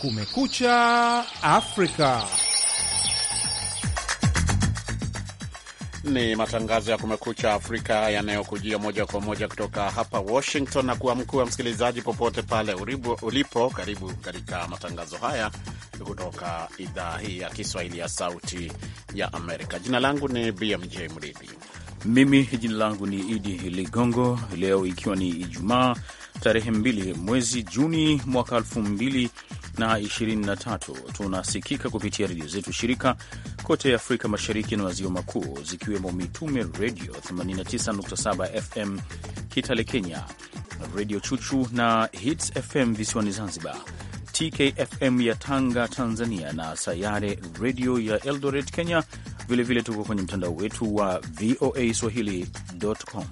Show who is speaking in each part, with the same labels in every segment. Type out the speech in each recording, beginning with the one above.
Speaker 1: Kumekucha Afrika. Ni matangazo ya Kumekucha Afrika yanayokujia moja kwa moja kutoka hapa Washington na kuwa mkuu wa msikilizaji popote pale uribu, ulipo. Karibu katika matangazo haya kutoka idhaa hii ya Kiswahili ya Sauti ya Amerika. Jina langu ni BMJ Mridhi mimi jina langu
Speaker 2: ni Idi Ligongo. Leo ikiwa ni Ijumaa tarehe b mwezi Juni mwaka 223 tunasikika kupitia redio zetu shirika kote Afrika Mashariki na Maziwa Makuu, zikiwemo Mitume Redio 89.7 FM Kitale Kenya, Redio Chuchu na Hits FM visiwani Zanzibar, TKFM ya Tanga Tanzania, na Sayare Redio ya Eldoret Kenya vilevile tuko kwenye mtandao wetu wa VOA swahili.com.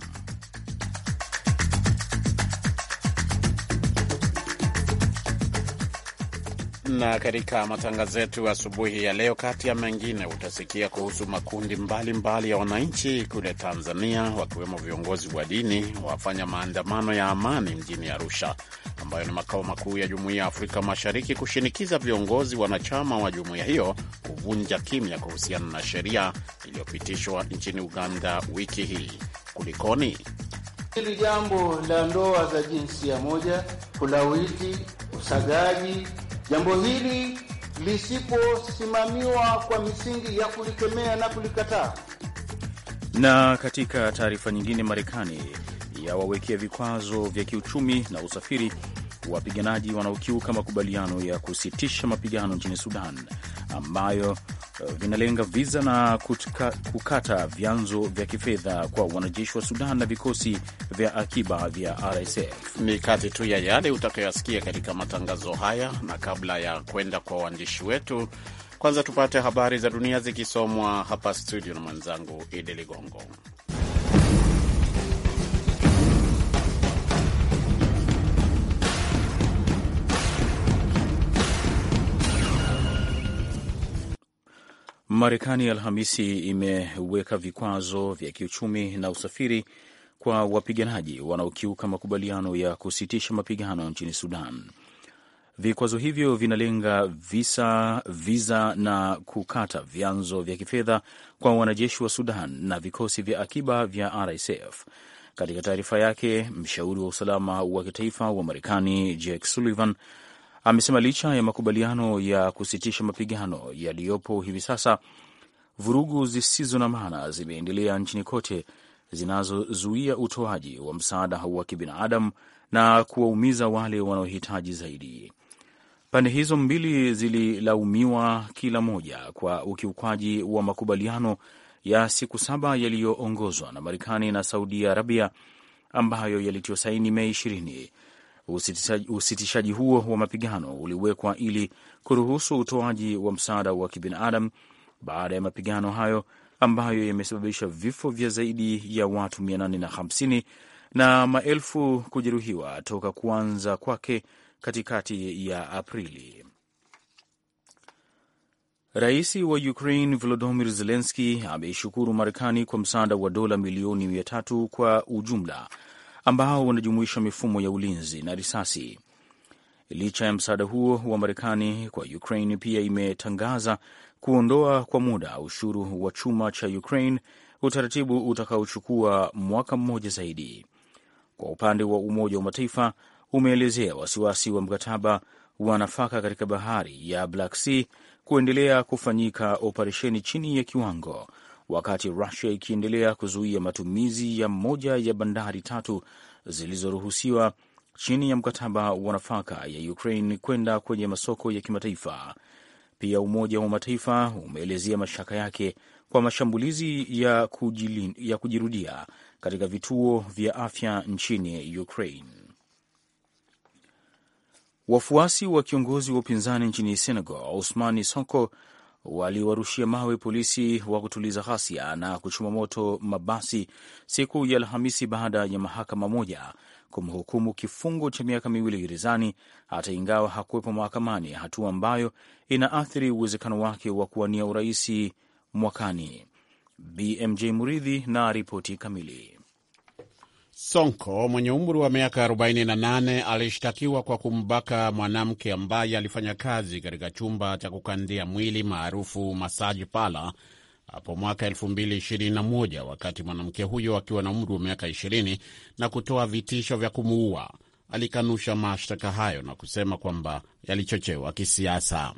Speaker 1: Na katika matangazo yetu asubuhi ya leo, kati ya mengine utasikia kuhusu makundi mbalimbali mbali ya wananchi kule Tanzania, wakiwemo viongozi wa dini wafanya maandamano ya amani mjini Arusha ambayo ni makao makuu ya Jumuiya ya Afrika Mashariki kushinikiza viongozi wanachama wa jumuiya hiyo kuvunja kimya kuhusiana na sheria iliyopitishwa nchini Uganda wiki hii.
Speaker 3: Kulikoni hili jambo la ndoa za jinsia moja, kulawiti, usagaji, jambo hili lisiposimamiwa kwa misingi ya kulikemea na kulikataa.
Speaker 2: Na katika taarifa nyingine, Marekani yawawekea vikwazo vya kiuchumi na usafiri wapiganaji wanaokiuka makubaliano ya kusitisha mapigano nchini Sudan ambayo uh, vinalenga viza na kutka, kukata vyanzo vya kifedha kwa wanajeshi wa Sudan na vikosi vya akiba vya RSF. Ni kati tu ya
Speaker 1: yale utakayoyasikia katika matangazo haya, na kabla ya kwenda kwa waandishi wetu, kwanza tupate habari za dunia zikisomwa hapa studio na mwenzangu Idi Ligongo.
Speaker 2: Marekani Alhamisi imeweka vikwazo vya kiuchumi na usafiri kwa wapiganaji wanaokiuka makubaliano ya kusitisha mapigano nchini Sudan. Vikwazo hivyo vinalenga visa viza na kukata vyanzo vya kifedha kwa wanajeshi wa Sudan na vikosi vya akiba vya RSF. Katika taarifa yake, mshauri wa usalama wa kitaifa wa Marekani Jake Sullivan amesema licha ya makubaliano ya kusitisha mapigano yaliyopo hivi sasa, vurugu zisizo na maana zimeendelea nchini kote zinazozuia utoaji wa msaada wa kibinadamu na kuwaumiza wale wanaohitaji zaidi. Pande hizo mbili zililaumiwa kila moja kwa ukiukwaji wa makubaliano ya siku saba yaliyoongozwa na Marekani na Saudi Arabia ambayo yalitiwa saini Mei ishirini Usitishaji, usitishaji huo wa mapigano uliwekwa ili kuruhusu utoaji wa msaada wa kibinadamu baada ya mapigano hayo ambayo yamesababisha vifo vya zaidi ya watu 850 na maelfu kujeruhiwa toka kuanza kwake katikati ya Aprili. Rais wa Ukraine Volodymyr Zelensky ameishukuru Marekani kwa msaada wa dola milioni mia kwa ujumla ambao unajumuisha mifumo ya ulinzi na risasi. Licha ya msaada huo wa Marekani kwa Ukraine, pia imetangaza kuondoa kwa muda ushuru wa chuma cha Ukraine, utaratibu utakaochukua mwaka mmoja zaidi. Kwa upande wa Umoja wa Mataifa umeelezea wasiwasi wa mkataba wa nafaka katika bahari ya Black Sea kuendelea kufanyika operesheni chini ya kiwango wakati Rusia ikiendelea kuzuia matumizi ya moja ya bandari tatu zilizoruhusiwa chini ya mkataba wa nafaka ya Ukraine kwenda kwenye masoko ya kimataifa. Pia Umoja wa Mataifa umeelezea mashaka yake kwa mashambulizi ya, kujilin, ya kujirudia katika vituo vya afya nchini Ukraine. Wafuasi wa kiongozi wa upinzani nchini Senegal Ousmane Sonko waliwarushia mawe polisi wa kutuliza ghasia na kuchoma moto mabasi siku ya Alhamisi baada ya mahakama moja kumhukumu kifungo cha miaka miwili gerezani hata ingawa hakuwepo mahakamani, hatua ambayo inaathiri uwezekano wake wa kuwania uraisi mwakani. BMJ Muridhi na ripoti kamili.
Speaker 1: Sonko mwenye umri wa miaka 48 alishtakiwa kwa kumbaka mwanamke ambaye alifanya kazi katika chumba cha kukandia mwili maarufu masaji pala hapo mwaka 2021 wakati mwanamke huyo akiwa na umri wa miaka 20 na kutoa vitisho vya kumuua. Alikanusha mashtaka hayo na kusema kwamba yalichochewa kisiasa.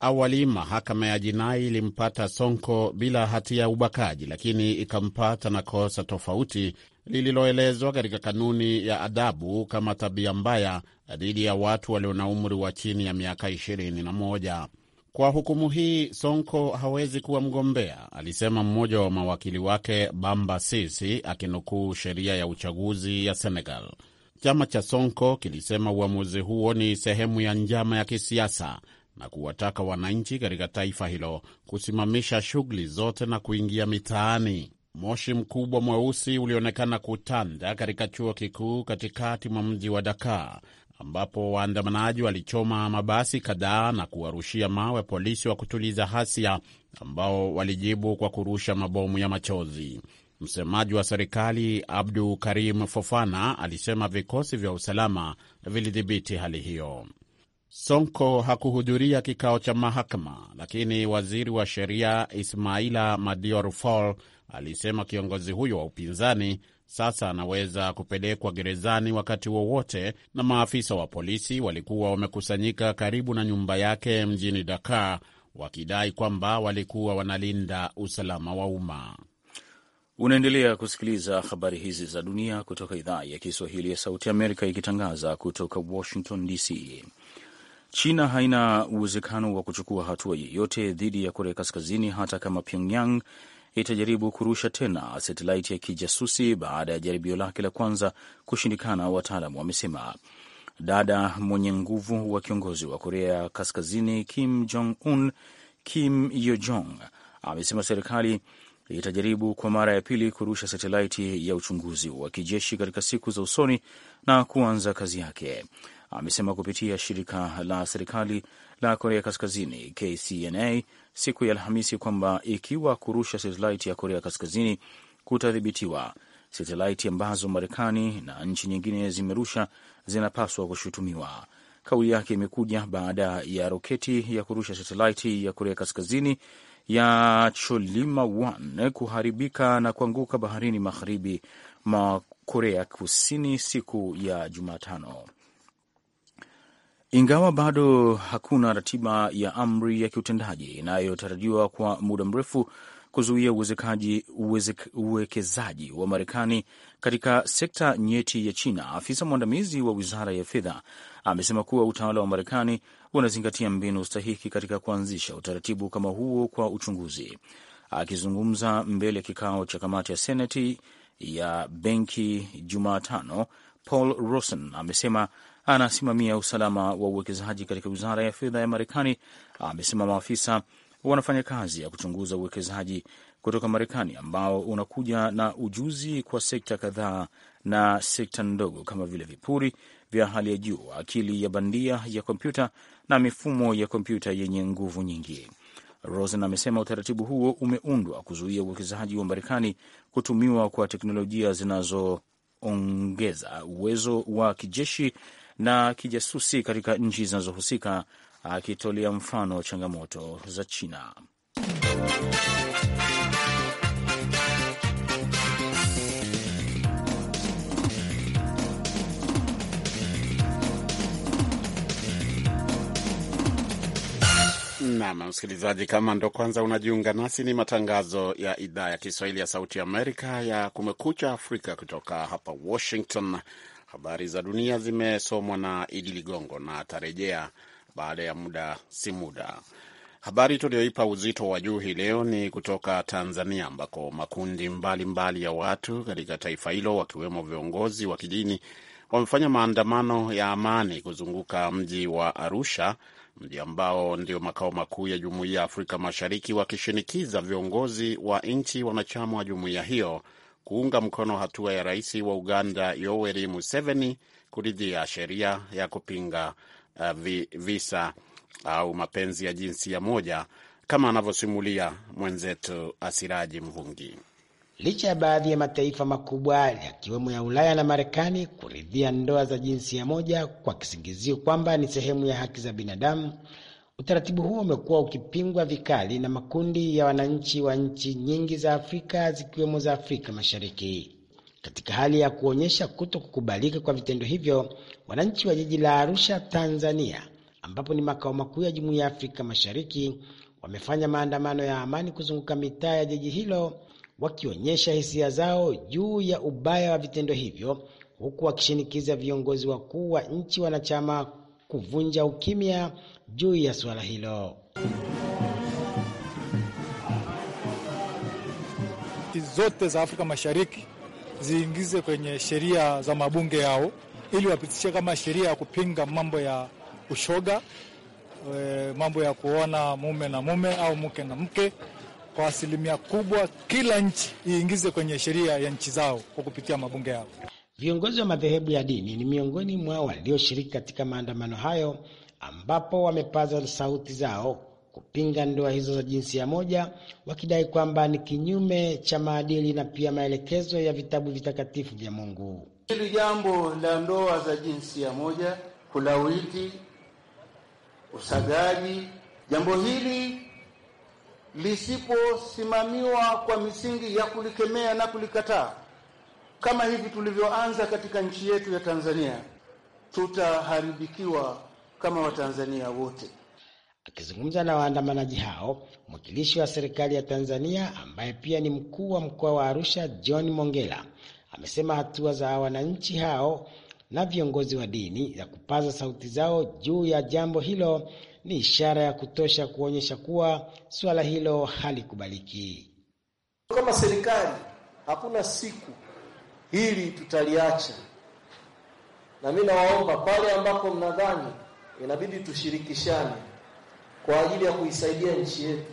Speaker 1: Awali mahakama ya jinai ilimpata Sonko bila hatia ya ubakaji, lakini ikampata na kosa tofauti lililoelezwa katika kanuni ya adabu kama tabia mbaya dhidi ya watu walio na umri wa chini ya miaka 21. Kwa hukumu hii Sonko hawezi kuwa mgombea, alisema mmoja wa mawakili wake Bamba Sisi akinukuu sheria ya uchaguzi ya Senegal. Chama cha Sonko kilisema uamuzi huo ni sehemu ya njama ya kisiasa na kuwataka wananchi katika taifa hilo kusimamisha shughuli zote na kuingia mitaani. Moshi mkubwa mweusi ulionekana kutanda katika chuo kikuu katikati mwa mji wa Dakar ambapo waandamanaji walichoma mabasi kadhaa na kuwarushia mawe polisi wa kutuliza hasia ambao walijibu kwa kurusha mabomu ya machozi. Msemaji wa serikali Abdu Karim Fofana alisema vikosi vya usalama vilidhibiti hali hiyo. Sonko hakuhudhuria kikao cha mahakama, lakini waziri wa sheria Ismaila Madior Fall alisema kiongozi huyo wa upinzani sasa anaweza kupelekwa gerezani wakati wowote, na maafisa wa polisi walikuwa wamekusanyika karibu na nyumba yake mjini Dakar wakidai kwamba walikuwa wanalinda usalama wa umma.
Speaker 2: Unaendelea kusikiliza habari hizi za dunia kutoka idhaa ya Kiswahili ya Sauti Amerika, ikitangaza kutoka Washington DC. China haina uwezekano wa kuchukua hatua yeyote dhidi ya Korea Kaskazini hata kama Pyongyang itajaribu kurusha tena satelaiti ya kijasusi baada ya jaribio lake la kwanza kushindikana, wataalamu wamesema. Dada mwenye nguvu wa kiongozi wa Korea Kaskazini Kim Jong Un, Kim Yo Jong, amesema serikali itajaribu kwa mara ya pili kurusha satelaiti ya uchunguzi wa kijeshi katika siku za usoni na kuanza kazi yake amesema kupitia shirika la serikali la Korea Kaskazini KCNA siku ya Alhamisi kwamba ikiwa kurusha satelaiti ya Korea Kaskazini kutadhibitiwa, satelaiti ambazo Marekani na nchi nyingine zimerusha zinapaswa kushutumiwa. Kauli yake imekuja baada ya roketi ya kurusha satelaiti ya Korea Kaskazini ya Cholima 1 kuharibika na kuanguka baharini magharibi mwa Korea Kusini siku ya Jumatano ingawa bado hakuna ratiba ya amri ya kiutendaji inayotarajiwa kwa muda mrefu kuzuia uwezekaji uwekezaji wa Marekani katika sekta nyeti ya China. Afisa mwandamizi wa wizara ya fedha amesema kuwa utawala wa Marekani unazingatia mbinu stahiki katika kuanzisha utaratibu kama huo kwa uchunguzi. Akizungumza mbele ya kikao cha kamati ya seneti ya benki Jumatano, Paul Rosen amesema anasimamia usalama wa uwekezaji katika wizara ya fedha ya Marekani amesema maafisa wanafanya kazi ya kuchunguza uwekezaji kutoka Marekani ambao unakuja na ujuzi kwa sekta kadhaa na sekta ndogo kama vile vipuri vya hali ya juu, akili ya bandia ya kompyuta na mifumo ya kompyuta yenye nguvu nyingi. Rosen amesema utaratibu huo umeundwa kuzuia uwekezaji wa Marekani kutumiwa kwa teknolojia zinazoongeza uwezo wa kijeshi na kijasusi katika nchi zinazohusika, akitolea mfano wa changamoto za China.
Speaker 1: Nam msikilizaji, kama ndo kwanza unajiunga nasi, ni matangazo ya idhaa ya Kiswahili ya Sauti Amerika ya Kumekucha Afrika kutoka hapa Washington Habari za dunia zimesomwa na Idi Ligongo na atarejea baada ya muda si muda. Habari tuliyoipa uzito wa juu hii leo ni kutoka Tanzania, ambako makundi mbalimbali mbali ya watu katika taifa hilo wakiwemo viongozi wa kidini wamefanya maandamano ya amani kuzunguka mji wa Arusha, mji ambao ndio makao makuu ya Jumuiya ya Afrika Mashariki, wakishinikiza viongozi wa nchi wanachama wa jumuiya hiyo kuunga mkono hatua ya rais wa Uganda Yoweri Museveni kuridhia sheria ya kupinga uh, vi, visa au mapenzi ya jinsia moja kama anavyosimulia mwenzetu Asiraji Mvungi.
Speaker 4: Licha ya baadhi ya mataifa makubwa yakiwemo ya Ulaya na Marekani kuridhia ndoa za jinsia moja kwa kisingizio kwamba ni sehemu ya haki za binadamu, Utaratibu huo umekuwa ukipingwa vikali na makundi ya wananchi wa nchi nyingi za Afrika zikiwemo za Afrika Mashariki. Katika hali ya kuonyesha kuto kukubalika kwa vitendo hivyo, wananchi wa jiji la Arusha, Tanzania, ambapo ni makao makuu ya Jumuiya ya Afrika Mashariki, wamefanya maandamano ya amani kuzunguka mitaa ya jiji hilo wakionyesha hisia zao juu ya ubaya wa vitendo hivyo, huku wakishinikiza viongozi wakuu wa nchi wanachama kuvunja ukimya juu ya suala hilo. zote za Afrika Mashariki ziingize
Speaker 2: kwenye sheria za mabunge yao ili wapitishe kama sheria ya kupinga mambo ya ushoga, e, mambo ya kuona mume na mume au mke na mke.
Speaker 4: Kwa asilimia kubwa, kila nchi iingize kwenye sheria ya nchi zao kwa kupitia mabunge yao. Viongozi wa madhehebu ya dini ni miongoni mwa walioshiriki katika maandamano hayo ambapo wamepaza sauti zao kupinga ndoa hizo za jinsia moja, wakidai kwamba ni kinyume cha maadili na pia maelekezo ya vitabu vitakatifu vya Mungu.
Speaker 3: Hili jambo la ndoa za jinsia moja, kulawiti, usagaji, jambo hili lisiposimamiwa kwa misingi ya kulikemea na kulikataa kama hivi
Speaker 4: tulivyoanza katika nchi yetu ya Tanzania, tutaharibikiwa kama Watanzania wote. Akizungumza na waandamanaji hao, mwakilishi wa serikali ya Tanzania ambaye pia ni mkuu wa mkoa wa Arusha, John Mongela, amesema hatua za wananchi hao na viongozi wa dini za kupaza sauti zao juu ya jambo hilo ni ishara ya kutosha kuonyesha kuwa suala hilo halikubaliki.
Speaker 3: Kama serikali, hakuna siku hili tutaliacha. Na mimi nawaomba pale ambapo mnadhani inabidi tushirikishane kwa ajili ya kuisaidia nchi yetu.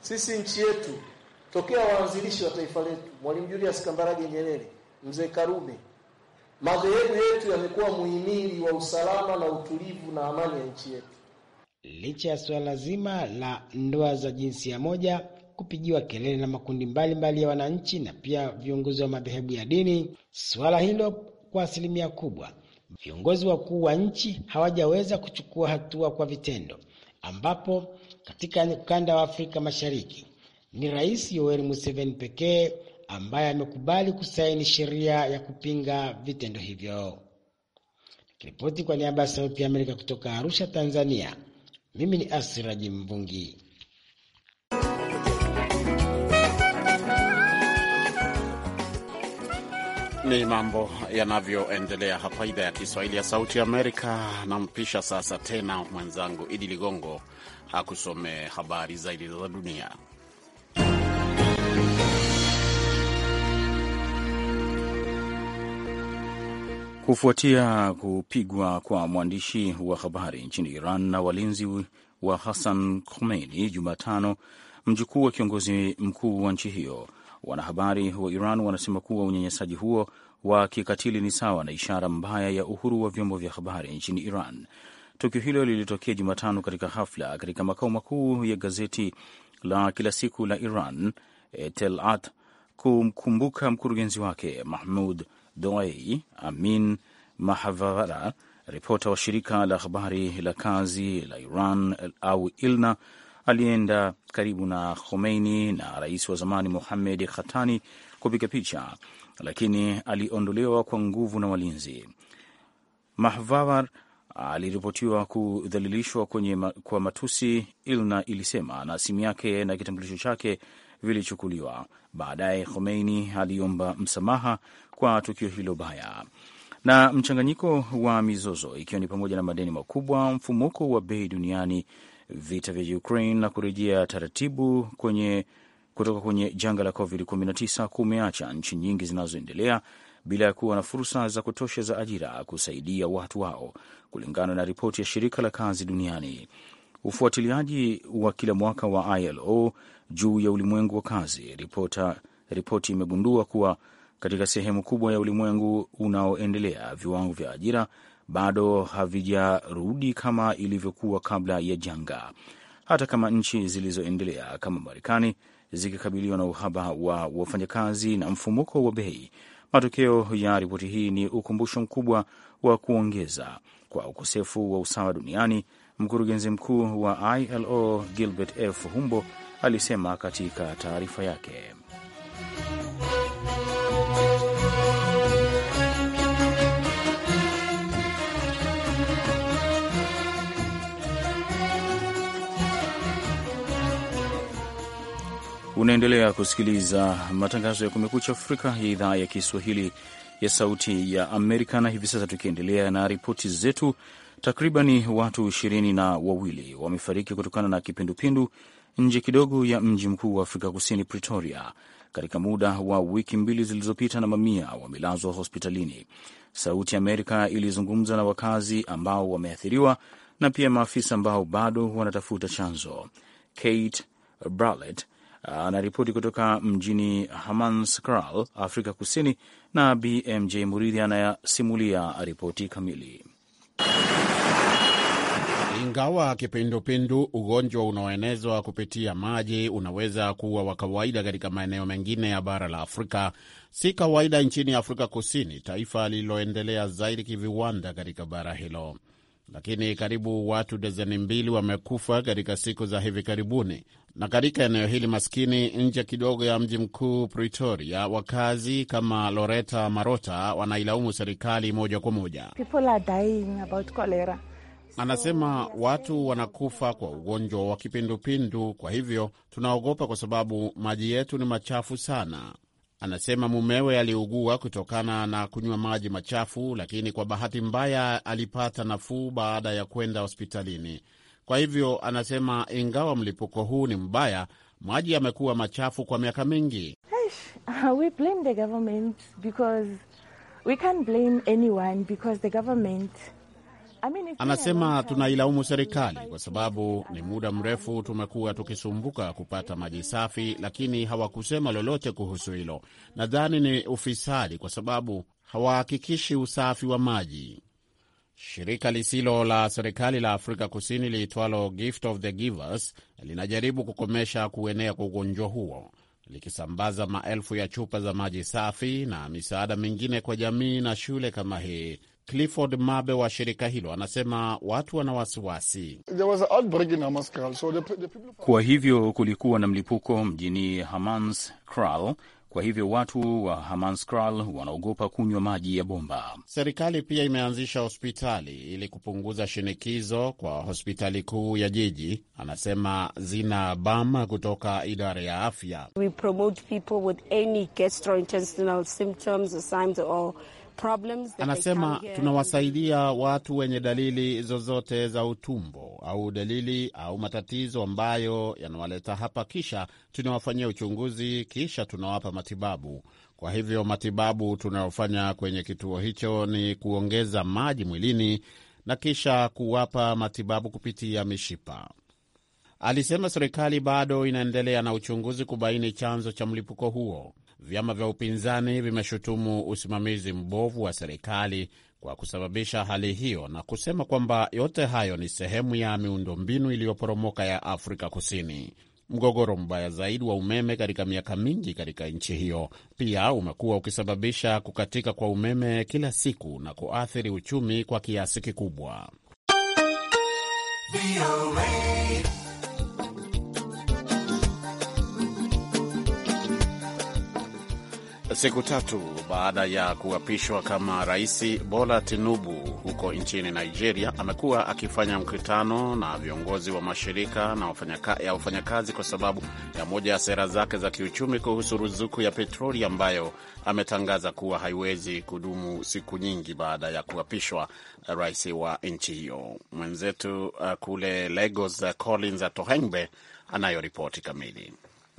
Speaker 3: Sisi nchi yetu tokea waanzilishi wa taifa letu, Mwalimu Julius Kambarage Nyerere, Mzee Karume, madhehebu yetu yamekuwa muhimili wa usalama na utulivu na
Speaker 4: amani ya nchi yetu. Licha ya swala zima la ndoa za jinsia moja kupigiwa kelele na makundi mbalimbali mbali ya wananchi na pia viongozi wa madhehebu ya dini. Suala hilo kwa asilimia kubwa viongozi wakuu wa nchi hawajaweza kuchukua hatua kwa vitendo, ambapo katika ukanda wa Afrika Mashariki ni Rais Yoweri Museveni pekee ambaye amekubali kusaini sheria ya kupinga vitendo hivyo. kiripoti kwa niaba ya Sauti ya Amerika kutoka Arusha, Tanzania, mimi ni Asiraji Mvungi.
Speaker 1: Ni mambo yanavyoendelea hapa idhaa ya Kiswahili ya Sauti Amerika. Nampisha sasa tena mwenzangu Idi Ligongo akusomee habari zaidi za dunia.
Speaker 2: Kufuatia kupigwa kwa mwandishi wa habari nchini Iran na walinzi wa Hassan Khomeini Jumatano, mjukuu wa kiongozi mkuu wa nchi hiyo Wanahabari wa Iran wanasema kuwa unyanyasaji huo wa kikatili ni sawa na ishara mbaya ya uhuru wa vyombo vya habari nchini Iran. Tukio hilo lilitokea Jumatano katika hafla katika makao makuu ya gazeti la kila siku la Iran eh, Telat kumkumbuka mkurugenzi wake Mahmud Doei. Amin Mahavara, ripota wa shirika la habari la kazi la Iran au ILNA, alienda karibu na Khomeini na rais wa zamani muhamed Khatani kupiga picha, lakini aliondolewa kwa nguvu na walinzi. Mahvavar aliripotiwa kudhalilishwa kwenye ma, kwa matusi, ILNA ilisema, na simu yake na kitambulisho chake vilichukuliwa. Baadaye Khomeini aliomba msamaha kwa tukio hilo baya. Na mchanganyiko wa mizozo ikiwa ni pamoja na madeni makubwa, mfumuko wa bei duniani vita vya Ukraine na kurejea taratibu kwenye kutoka kwenye janga la COVID-19 kumeacha nchi nyingi zinazoendelea bila ya kuwa na fursa za kutosha za ajira kusaidia watu wao, kulingana na ripoti ya shirika la kazi duniani. Ufuatiliaji wa kila mwaka wa ILO juu ya ulimwengu wa kazi, ripota ripoti imegundua kuwa katika sehemu kubwa ya ulimwengu unaoendelea, viwango vya ajira bado havijarudi kama ilivyokuwa kabla ya janga, hata kama nchi zilizoendelea kama Marekani zikikabiliwa na uhaba wa wafanyakazi na mfumuko wa bei. Matokeo ya ripoti hii ni ukumbusho mkubwa wa kuongeza kwa ukosefu wa usawa duniani, mkurugenzi mkuu wa ILO Gilbert F Humbo alisema katika taarifa yake. Unaendelea kusikiliza matangazo ya Kumekucha Afrika ya idhaa ya Kiswahili ya Sauti ya Amerika, na hivi sasa tukiendelea na ripoti zetu, takribani watu ishirini na wawili wamefariki kutokana na kipindupindu nje kidogo ya mji mkuu wa Afrika Kusini, Pretoria, katika muda wa wiki mbili zilizopita, na mamia wamelazwa hospitalini. Sauti ya Amerika ilizungumza na wakazi ambao wameathiriwa na pia maafisa ambao bado wanatafuta chanzo. Kate Bralet Ah, anaripoti kutoka mjini Hammanskraal, Afrika Kusini, na BMJ Muridhi anayasimulia ripoti kamili.
Speaker 1: Ingawa kipindupindu, ugonjwa unaoenezwa kupitia maji, unaweza kuwa wa kawaida katika maeneo mengine ya bara la Afrika, si kawaida nchini Afrika Kusini, taifa lililoendelea zaidi kiviwanda katika bara hilo. Lakini karibu watu dezeni mbili wamekufa katika siku za hivi karibuni na katika eneo hili maskini nje kidogo ya mji mkuu Pretoria, wakazi kama Loreta Marota wanailaumu serikali moja kwa moja. Anasema watu wanakufa kwa ugonjwa wa kipindupindu, kwa hivyo tunaogopa kwa sababu maji yetu ni machafu sana. Anasema mumewe aliugua kutokana na kunywa maji machafu, lakini kwa bahati mbaya alipata nafuu baada ya kwenda hospitalini. Kwa hivyo anasema ingawa mlipuko huu ni mbaya, maji yamekuwa machafu kwa miaka mingi.
Speaker 2: I mean,
Speaker 1: anasema tunailaumu serikali kwa sababu ni muda mrefu tumekuwa tukisumbuka kupata maji safi, lakini hawakusema lolote kuhusu hilo. Nadhani ni ufisadi kwa sababu hawahakikishi usafi wa maji. Shirika lisilo la serikali la Afrika Kusini liitwalo Gift of the Givers linajaribu kukomesha kuenea kwa ugonjwa huo likisambaza maelfu ya chupa za maji safi na misaada mingine kwa jamii na shule kama hii. Clifford Mabe wa shirika hilo anasema watu wana
Speaker 2: wasiwasi. Kwa hivyo kulikuwa na mlipuko mjini Hamans Kral kwa hivyo watu wa Hamanskraal wanaogopa
Speaker 1: kunywa maji ya bomba. Serikali pia imeanzisha hospitali ili kupunguza shinikizo kwa hospitali kuu ya jiji, anasema Zina Bam kutoka idara ya afya.
Speaker 3: We promote people with any gastrointestinal symptoms signs or
Speaker 4: Anasema tunawasaidia
Speaker 1: watu wenye dalili zozote za utumbo au dalili au matatizo ambayo yanawaleta hapa, kisha tunawafanyia uchunguzi, kisha tunawapa matibabu. Kwa hivyo matibabu tunayofanya kwenye kituo hicho ni kuongeza maji mwilini na kisha kuwapa matibabu kupitia mishipa. Alisema serikali bado inaendelea na uchunguzi kubaini chanzo cha mlipuko huo. Vyama vya upinzani vimeshutumu usimamizi mbovu wa serikali kwa kusababisha hali hiyo na kusema kwamba yote hayo ni sehemu ya miundombinu iliyoporomoka ya Afrika Kusini. Mgogoro mbaya zaidi wa umeme katika miaka mingi katika nchi hiyo pia umekuwa ukisababisha kukatika kwa umeme kila siku na kuathiri uchumi kwa kiasi kikubwa. Siku tatu baada ya kuapishwa kama rais, Bola Tinubu huko nchini Nigeria amekuwa akifanya mkutano na viongozi wa mashirika na wafanyaka, ya wafanyakazi kwa sababu ya moja ya sera zake za kiuchumi kuhusu ruzuku ya petroli ambayo ametangaza kuwa haiwezi kudumu siku nyingi baada ya kuapishwa rais wa nchi hiyo. Mwenzetu uh, kule Lagos, uh, Collins Atohengbe anayo ripoti kamili.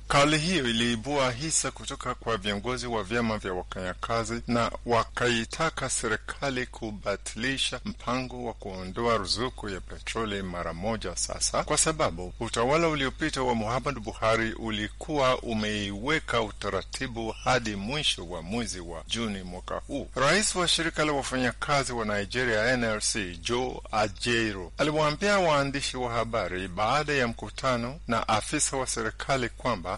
Speaker 5: Kauli hiyo iliibua hisa kutoka kwa viongozi wa vyama vya wafanyakazi na wakaitaka serikali kubatilisha mpango wa kuondoa ruzuku ya petroli mara moja sasa, kwa sababu utawala uliopita wa Muhammadu Buhari ulikuwa umeiweka utaratibu hadi mwisho wa mwezi wa Juni mwaka huu. Rais wa shirika la wafanyakazi wa Nigeria NLC Joe Ajaero aliwaambia waandishi wa habari baada ya mkutano na afisa wa serikali kwamba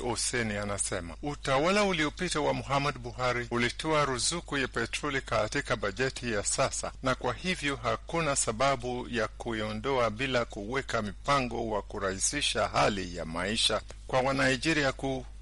Speaker 5: oseni anasema utawala uliopita wa Muhammad Buhari ulitoa ruzuku ya petroli katika bajeti ya sasa, na kwa hivyo hakuna sababu ya kuiondoa bila kuweka mipango wa kurahisisha hali ya maisha kwa Wanaijeria ku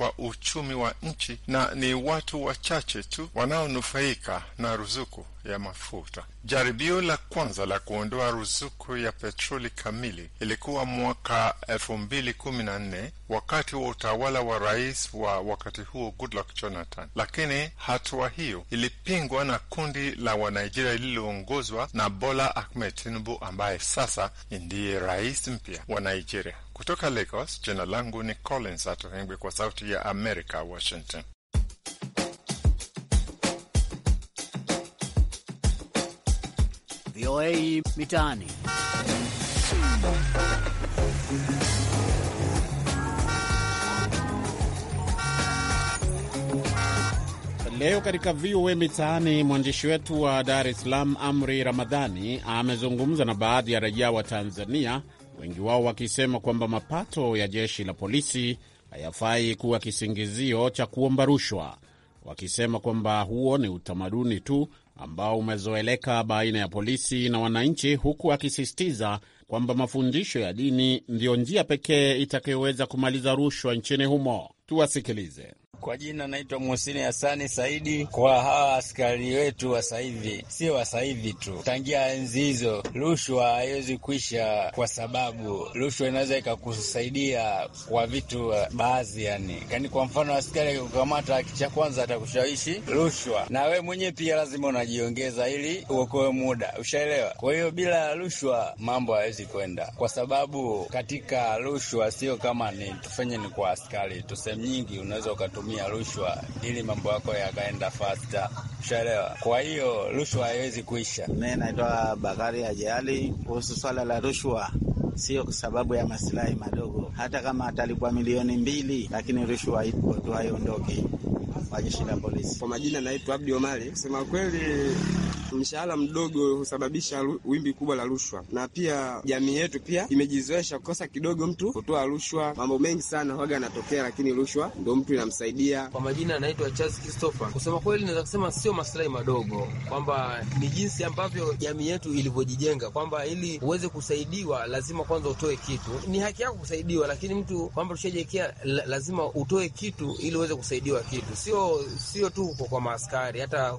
Speaker 5: kwa uchumi wa nchi na ni watu wachache tu wanaonufaika na ruzuku ya mafuta. Jaribio la kwanza la kuondoa ruzuku ya petroli kamili ilikuwa mwaka elfu mbili kumi na nne wakati wa utawala wa rais wa wakati huo Goodluck Jonathan, lakini hatua hiyo ilipingwa na kundi la Wanigeria lililoongozwa na Bola Ahmed Tinubu ambaye sasa ndiye rais mpya wa Nigeria. Kutoka Lagos, jina langu ni Collins Atohengwi, kwa Sauti ya Amerika, Washington. VOA Mitaani.
Speaker 1: Leo katika VOA Mitaani, mwandishi wetu wa Dar es Salaam, Amri Ramadhani, amezungumza na baadhi ya raia wa Tanzania wengi wao wakisema kwamba mapato ya jeshi la polisi hayafai kuwa kisingizio cha kuomba rushwa, wakisema kwamba huo ni utamaduni tu ambao umezoeleka baina ya polisi na wananchi, huku akisisitiza kwamba mafundisho ya dini ndiyo njia pekee itakayoweza kumaliza rushwa nchini humo. Tuwasikilize.
Speaker 3: Kwa jina naitwa Muhsini Hasani Saidi. Kwa hawa askari wetu wa sahivi, sio wa sahivi tu, tangia enzi hizo rushwa haiwezi kuisha, kwa sababu rushwa inaweza ikakusaidia kwa vitu uh, baadhi, yani kani, kwa mfano askari akikukamata, kicha kwanza atakushawishi rushwa, na we mwenyewe pia lazima unajiongeza ili uokoe muda, ushaelewa? Kwa hiyo bila rushwa mambo hayawezi kwenda, kwa sababu katika rushwa sio kama ni tufanye ni kwa askari tuseme nyingi unaweza ukatumia rushwa ili mambo yako yakaenda fasta. Ushaelewa? Kwa hiyo rushwa haiwezi kuisha. Mi naitwa Bakari Ajali. Kuhusu swala la rushwa, sio kwa sababu ya masilahi madogo, hata kama atalipwa milioni mbili, lakini rushwa ipo tu, haiondoki wa jeshi la polisi.
Speaker 6: Kwa majina naitwa Abdi Omari. Kusema kweli, mshahara mdogo husababisha wimbi kubwa la rushwa, na pia jamii yetu pia imejizoesha kukosa kidogo mtu kutoa rushwa. Mambo mengi sana waga yanatokea, lakini rushwa ndo mtu inamsaidia. Kwa majina naitwa Charles Christopher. Kusema kweli, naweza kusema sio maslahi madogo, kwamba ni jinsi ambavyo jamii yetu ilivyojijenga, kwamba ili uweze kusaidiwa lazima kwanza utoe kitu. Ni haki yako kusaidiwa, lakini mtu kwamba tushajiwekea lazima utoe kitu ili uweze kusaidiwa kitu, sio sio sio tu huko kwa maaskari, hata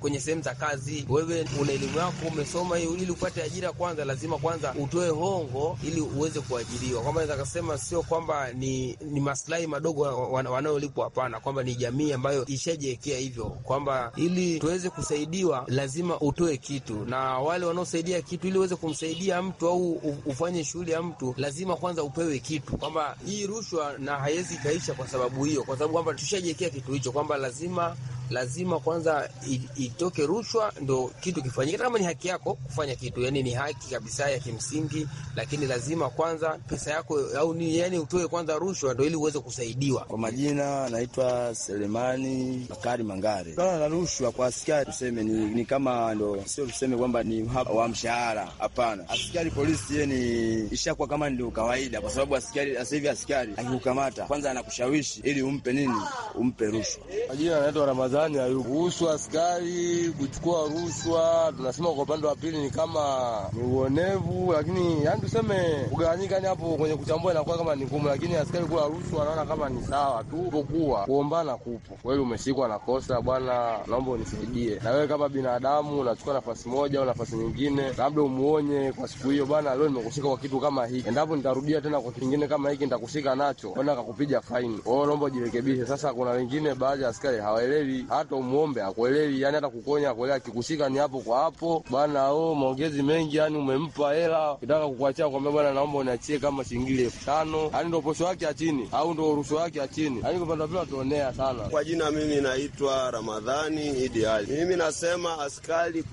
Speaker 6: kwenye sehemu za kazi. Wewe una elimu yako, umesoma, ili upate ajira kwanza lazima kwanza utoe hongo ili uweze kuajiriwa. Kwamba naweza kasema sio kwamba ni, ni maslahi madogo wanayolipwa, hapana, kwamba ni jamii ambayo ishajiwekea hivyo kwamba ili tuweze kusaidiwa lazima utoe kitu, na wale wanaosaidia kitu, ili uweze kumsaidia mtu au ufanye shughuli ya mtu, lazima kwanza upewe kitu, kwamba hii rushwa na haiwezi ikaisha kwa sababu hiyo, kwa sababu kwamba tushajiwekea kitu hicho, kwamba lazima lazima kwanza itoke rushwa, ndo kitu kifanyike. Kama ni haki yako kufanya kitu, yani ni haki kabisa ya kimsingi, lakini lazima kwanza pesa yako au ni yani utoe kwanza rushwa, ndo ili uweze kusaidiwa. Kwa
Speaker 3: majina naitwa Selemani bakari Mangare. Swala la rushwa kwa askari tuseme ni, ni kama ndo sio tuseme kwamba ni wa mshahara, hapana. Askari polisi ye ni ishakuwa kama ndio kawaida, kwa sababu askari sasa hivi askari akikukamata kwanza anakushawishi ili umpe nini, umpe rushwa.
Speaker 6: Majina anaitwa Ramadhani nadhani hayuko. Kuhusu askari kuchukua rushwa, tunasema kwa upande wa pili ni kama ni uonevu, lakini yani tuseme kugawanyika, ni hapo kwenye kuchambua inakuwa kama ni ngumu, lakini askari kula rushwa naona kama ni sawa tu, pokuwa kuombana kupo kweli. Umeshikwa na kosa, bwana, naomba unisaidie, na wewe kama binadamu unachukua nafasi moja au nafasi nyingine, labda umuonye kwa siku hiyo, bwana, leo nimekushika kwa kitu kama hiki, endapo nitarudia tena kwa kingine kama hiki nitakushika nacho, kwenda kakupiga faini, naomba ujirekebishe. Sasa kuna wengine baadhi ya askari hawaelewi hata umwombe akuelewi, yani hata kukonya akweleli, akikushika ni hapo kwa hapo bwana. Oh, maongezi mengi, yani umempa hela, kitaka kukuachia kwambia bwana, naomba uniachie kama shilingi elfu tano yani ndo posho yake ya chini au ndo rushwa yake ya chini, yani kupanda vila tuonea sana.
Speaker 3: Kwa jina mimi naitwa Ramadhani Idi Ali. Mimi nasema askari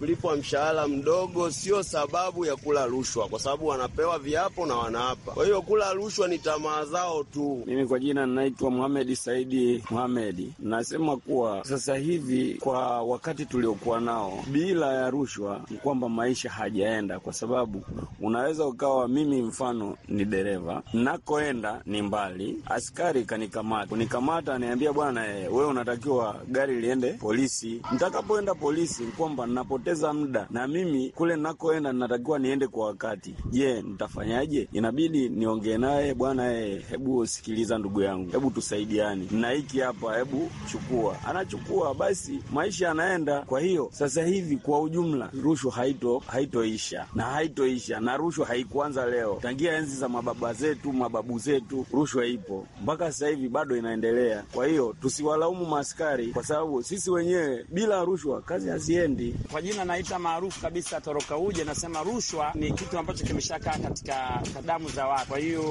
Speaker 3: kulipwa mshahara mdogo sio sababu ya kula rushwa, kwa sababu wanapewa viapo na wanaapa. Kwa hiyo kula rushwa ni tamaa zao tu. Mimi kwa jina ninaitwa Muhamedi Saidi Muhamedi, nasema ku kuwa sasa hivi kwa wakati tuliokuwa nao bila ya rushwa, ni kwamba maisha hajaenda, kwa sababu unaweza ukawa, mimi mfano ni dereva, nakoenda ni mbali, askari kanikamata, kunikamata aniambia, bwana eh, wewe unatakiwa gari liende polisi. ntakapoenda polisi, ni kwamba napoteza muda, na mimi kule nakoenda natakiwa niende kwa wakati. Je, nitafanyaje? Inabidi niongee naye, bwana, eh, hebu sikiliza ndugu yangu, hebu tusaidiane na hiki hapa, hebu chukua anachukua, basi maisha yanaenda. Kwa hiyo sasa hivi kwa ujumla rushwa haito haitoisha na haitoisha, na rushwa haikuanza leo, tangia enzi za mababa zetu mababu zetu rushwa ipo mpaka sasa hivi bado inaendelea. Kwa hiyo tusiwalaumu maaskari kwa sababu sisi wenyewe bila rushwa kazi haziendi. Kwa jina naita maarufu kabisa Toroka Uje, nasema rushwa ni kitu ambacho kimeshakaa katika damu za watu. Kwa hiyo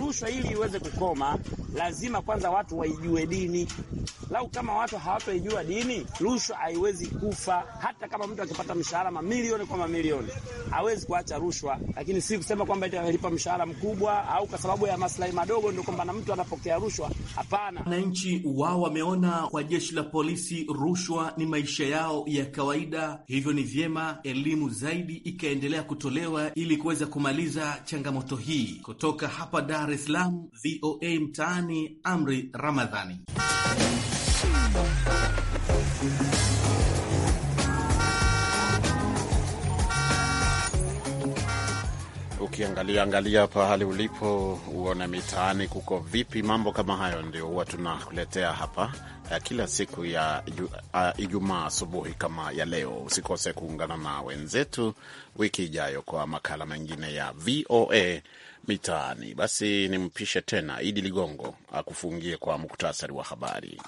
Speaker 3: rushwa ili iweze kukoma lazima kwanza watu waijue dini. Lau kama watu hawatoijua dini, rushwa haiwezi kufa. Hata kama mtu akipata mshahara mamilioni kwa mamilioni, hawezi kuacha rushwa. Lakini si kusema kwamba italipa mshahara mkubwa au kwa sababu ya maslahi madogo ndio kwamba na mtu anapokea rushwa. Hapana. Wananchi wao wameona kwa jeshi la polisi rushwa ni maisha yao ya kawaida, hivyo ni vyema elimu zaidi ikaendelea kutolewa ili kuweza kumaliza changamoto hii. Kutoka hapa Dar es Salaam, VOA Mtaani, Amri Ramadhani.
Speaker 1: Ukiangalia angalia pahali ulipo uone mitaani kuko vipi. Mambo kama hayo ndio huwa tunakuletea hapa eh, kila siku ya eh, Ijumaa asubuhi kama ya leo. Usikose kuungana na wenzetu wiki ijayo kwa makala mengine ya VOA Mitaani. Basi nimpishe tena Idi Ligongo akufungie kwa muktasari wa habari.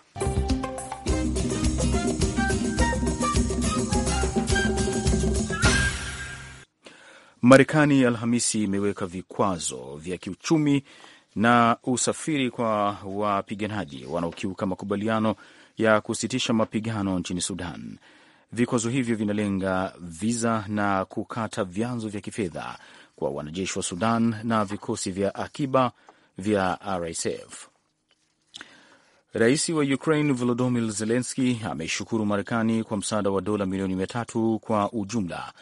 Speaker 2: Marekani Alhamisi imeweka vikwazo vya kiuchumi na usafiri kwa wapiganaji wanaokiuka makubaliano ya kusitisha mapigano nchini Sudan. Vikwazo hivyo vinalenga viza na kukata vyanzo vya kifedha kwa wanajeshi wa Sudan na vikosi vya akiba vya RSF. Rais wa Ukraine Volodymyr Zelensky ameshukuru Marekani kwa msaada wa dola milioni mia tatu kwa ujumla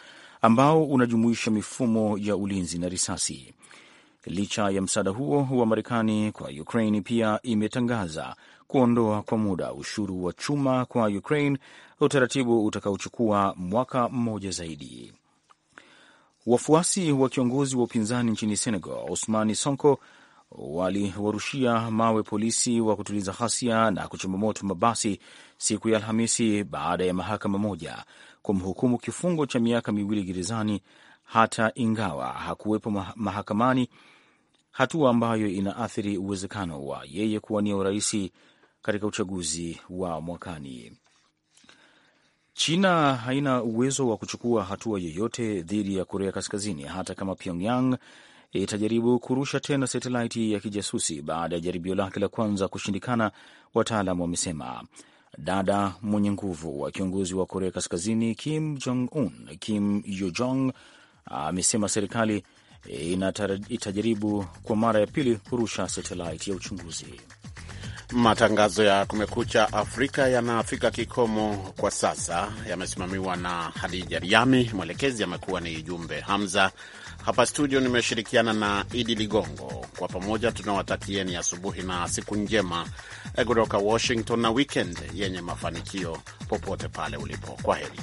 Speaker 2: ambao unajumuisha mifumo ya ulinzi na risasi. Licha ya msaada huo wa Marekani kwa Ukraine, pia imetangaza kuondoa kwa muda ushuru wa chuma kwa Ukraine, utaratibu utakaochukua mwaka mmoja zaidi. Wafuasi wa kiongozi wa upinzani nchini Senegal Ousmane Sonko waliwarushia mawe polisi wa kutuliza ghasia na kuchoma moto mabasi siku ya Alhamisi baada ya mahakama moja kumhukumu kifungo cha miaka miwili gerezani hata ingawa hakuwepo mahakamani, hatua ambayo inaathiri uwezekano wa yeye kuwania urais katika uchaguzi wa mwakani. China haina uwezo wa kuchukua hatua yoyote dhidi ya Korea Kaskazini hata kama Pyongyang itajaribu kurusha tena satelaiti ya kijasusi baada ya jaribio lake la kwanza kushindikana, wataalam wamesema. Dada mwenye nguvu wa kiongozi wa Korea Kaskazini Kim Jong Un, Kim Yo Jong, amesema serikali itajaribu kwa mara ya pili kurusha satelaiti ya uchunguzi.
Speaker 1: Matangazo ya Kumekucha Afrika yanafika kikomo kwa sasa. Yamesimamiwa na Hadija Riami, mwelekezi amekuwa ni Jumbe Hamza. Hapa studio nimeshirikiana na Idi Ligongo. Kwa pamoja tunawatakieni asubuhi na siku njema eh, kutoka Washington na wikend yenye mafanikio popote pale ulipo. Kwa heri.